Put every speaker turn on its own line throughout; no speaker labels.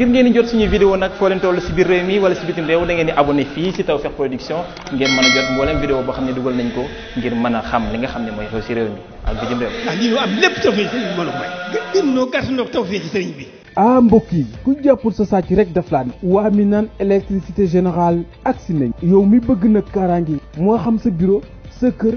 ngir ngeen di jot suñu vidéo nag foo leen toll si biir réew mi wala si bitim réew da ngeen di abonné fii si Tawfekh Production ngeen mën a jot mboolem vidéo boo xam ne dugal nañ ko ngir mën a xam li nga xam ne mooy xew si réew mi ak bitim réew. ndax ah, lii ñu am lépp tawfeeg ci sëriñ bi mbooloo mooy. yi ku jàppul sa sàcc rek daf laa ne. waa mi naan électricité générale agsi nañ. yow mi bëgg nag kaaraange yi. moo xam sa bureau sa kër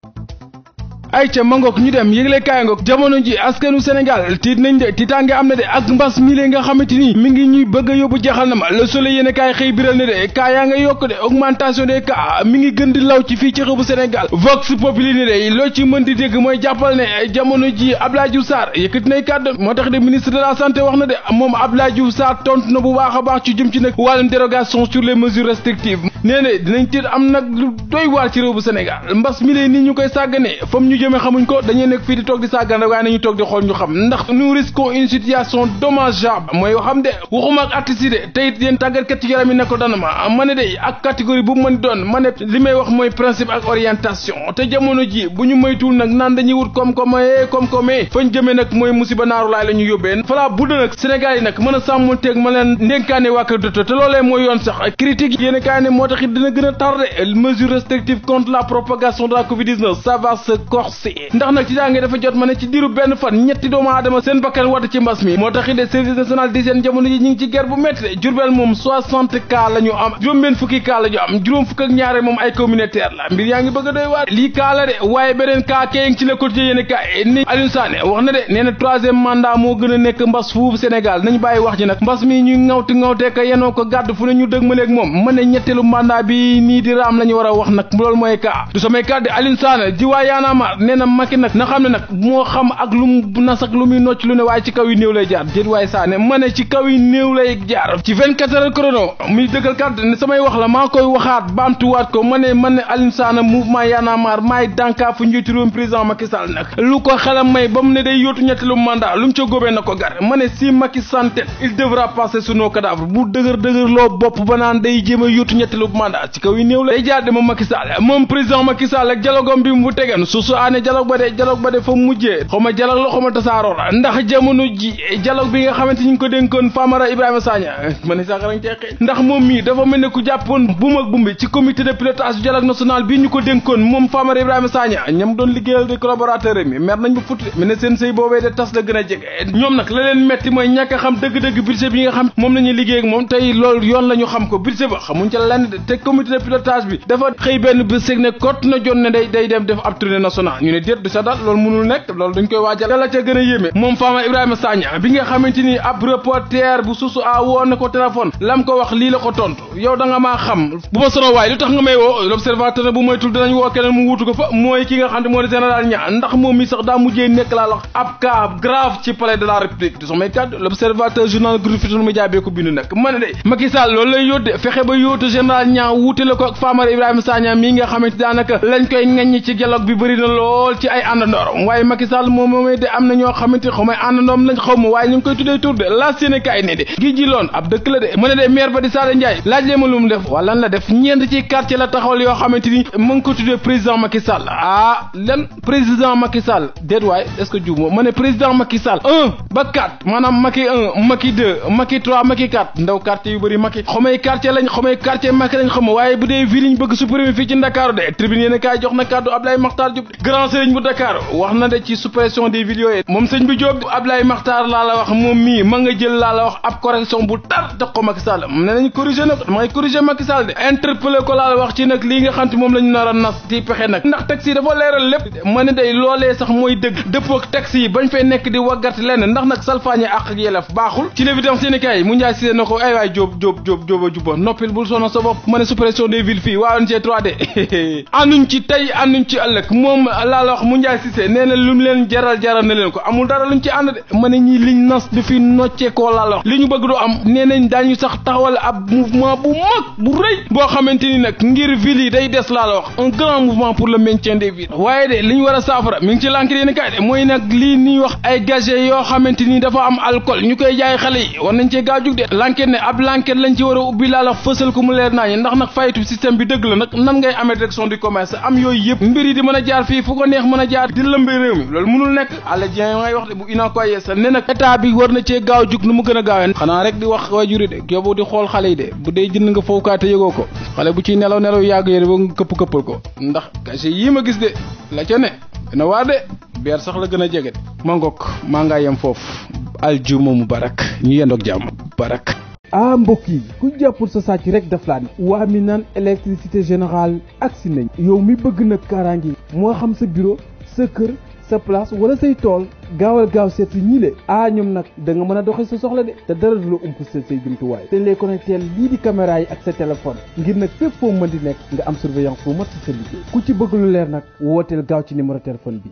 ay ca mangook ñu dem yëgle kaay ngoog jamono ji askanu Sénégal tiit nañ de tiitaange am na de ak mbas mile nga xamante ni mi ngi ñuy bëgg a yóbbu jaxanama Le Soleil yéen a kaay xëy biral ne de kaa nga yokk de augmentation des cas mi ngi gën di law ci fii ci xëbu Sénégal Vox Populi ne de loo ci mën di dégg mooy jàppal ne jamono ji Abdoulaye Diouf Sarr yëkkati nay kàddu moo tax de ministre de la santé wax na de moom Abdoulaye Diouf Sarr tontu na bu baax a baax jëm ci nag wàllum dérogation sur les mesures restrictives nee na dinañ tiit am nag lu doy waar ci réew bu Sénégal mbas mi lee nii ñu koy sàggane fam ñu jëmee xamuñ ko dañuy nekk fii di toog di sàggan rek waaye nañu toog di xool ñu xam ndax nous risquons une situation dommageable mooy xam de waxuma ak artiste yi de te it yéen tàggatkat yi ne ko dana ma ma ne de ak catégorie bu mën doon ma ne li may wax mooy principe ak orientation te jamono ji bu ñu moytuwul nag naan dañuy wut koom-koom ee koom-koom ee fañ jëmee nag mooy musiba naaru laay ñu yóbbeen fala bu yi nag mën a sàmmonteeg ma leen ndénkaane waa Kër Docteur te tax it dina gën a tardé mesures restrictives contre la propagation de la Covid-19 ça va se moom mbir yaa ngi bëgg a doy lii cas de waaye beneen cas keyeng ci le quotidien yéen i ni Aliou Sané wax na de nee na troisième moo gën a nekk mbas fuufu Sénégal nañu bàyyi wax ji nag mbas mi ñuy ŋawti ŋawtee yenoo ko gàdd fu ne ñu dëg maleeg moom mën ñetteelu mandat bi nii di raam la ñu war a wax nag loolu mooy ka du samay kàddu Alioune ji waa yaanaama nee na nag na xam ne nag moo xam ak lu mu nas lu muy nocc lu ne waaye ci kaw yi néew lay jaar déet waaye Sane ma ne ci kaw yi néew lay jaar ci 24 heures chrono muy dëggal kàddu ne samay wax la maa koy waxaat baamtuwaat ko ma ne ma ne yaanaamaar maay dànkaa fu njiitu réewum président Macky Sall nag lu ko xelam may ba mu ne day ma ne si Macky Sall il devra passer sous nos cadavres bu dëgër a seenub mandat ci kaw yi néew la day jaar de moom Macky Sall moom président Macky Sall ak dialogue bi mu tegan su su aane dialogue ba de dialogue ba de fa mujjee xaw ma dialogue la xaw ma ji dialogue bi nga xamante ñu ngi ko dénkoon Famara Ibrahima Sagna ma ne moom mii dafa mel ne ku jàppoon buum ak bumbi ci comité de pilotage du dialogue national bii ñu moom Famara Ibrahima Sagna ñam doon liggéeyal di collaborateur mi mer nañ ba futti mi ne seen sëy boobee de tas la gën a jege ñoom nag la leen metti mooy ñàkk xam dëgg-dëgg budget bi nga xam moom la ñuy liggéey ak moom tey loolu yoon la ñu xam ko budget ba xamuñ ca lenn de te comité de pilotage bi dafa xëy benn bés rek ne kott na jot day day dem def ab tournée nationale ñu ne déet du sa daal loolu mënul nekk loolu dañ koy waajal da ca gën a yéeme moom Fama Ibrahima Sagna bi nga xamante ni ab reporter bu susu a woo ko téléphone lam ko wax lii la ko tontu yow da nga maa xam bu ma sonoo waaye lu may woo l'observateur na keneen mu wuutu ko fa mooy ki nga xam moo di général ñaa ndax moom mi daa mujjee nekk laa lax ab cas grave ci ma ne de Macky Sall loolu lay yódde Sagna wuutale ko ak Famara Ibrahima mii nga xamante daanaka lañ koy ŋaññi ci dialogue bi bëri na lool ci ay àndandoor waaye Macky Sall moom moomee de am na ñoo xamante xaw àndandoom lañ xaw ma waaye ñu ngi koy tuddee tur de laas yéene kaay ne de gi ji loon ab dëkk la de mu ne de maire ba di Sada Ndiaye laaj leen ma lu mu def wala lan la def ñeent ci quartier la taxawal yoo xamante ni mu ko tuddee président Macky Sall ah lan président Macky Sall ma ne président Macky Sall un ba quatre maanaam Macky un lañ xam waaye bu dee fii liñ bëgg su premier fii ci Ndakaaru de tribune yéen grand sëriñ bu Dakar wax na de ci suppression des villes yooyu moom sëñ bu Diop Ablaye Makhtar laa la wax moom mii ma nga jël laa la wax ab correction bu tar jox ko Macky ne nañ corrigé nag ma ngay corrigé Macky de interpellé ko laa la wax ci nag lii nga xam te moom la nar a nas ci pexe nag ndax taxi dafa leeral lépp ma ne day loolee sax mooy dëgg dëppoo taxi bañ fay nekk di a jubba ma ne suppression des villes fii waa ONG 3D ànduñ ci tey ànduñ ci ëllëg moom laa la wax mu Njaay Cissé nee na lu mu leen jaral jaral na leen ko amul dara luñ ci ànd de ma ne ñii liñ nas du fi nocceekoo laa la wax li ñu bëgg du am nee nañ daañu sax taxawal ab mouvement bu mag bu rëy boo xamante ni nag ngir ville yi day des laa la wax un grand mouvement pour le maintien des villes waaye de li ñu war a saafara mi ngi ci lànk yéen kay de mooy nag lii ñuy wax ay gazet yoo xamante ni dafa am alcool ñu koy jaay xale war nañ cee gaaw jug de lànket ne ab lañ ci war a ubbi laa la ko mu leer naa campagne ndax nag fayitu système bi dëgg la nag nan ngay amee direction du commerce am yooyu yëpp mbir yi di mën a jaar fii fu ko neex mën a jaar di lëmbee réew mi loolu mënul nekk àlla jien ngay wax de bu ina koy yeesal ne nag état bi war na cee gaaw jug nu mu gën a gaawee xanaa rek di wax waajuri de yobu di xool xale yi de bu dee jënd nga foofu kaate yëgoo ko xale bu ciy nelaw nelaw yàgg yéen ba nga këpp këppal ko ndax cachet yii ma gis de la ca ne dina waar de beer sax la gën a jege de ma ngoog maa ngaa yem foofu aljuma mubarak ñu yendoog jàmm barak ah mbokk yi ku jàppul sa sàcc rek daf laa ne waa mi naan électricité ak si nañ yow mi bëgg nag kaaraange moo xam sa bureau sa kër sa place wala say tool gaawal gaaw seet si ñii le ah ñoom nag da nga mën a doxe sa soxla de te dara du la ump seen say jumtuwaay te ñu lay lii di caméra yi ak sa téléphone ngir nag fépp foo mën di nekk nga am surveillance bu si sa liggéey ku ci bëgg leer nag wooteel gaaw ci numéro téléphone bi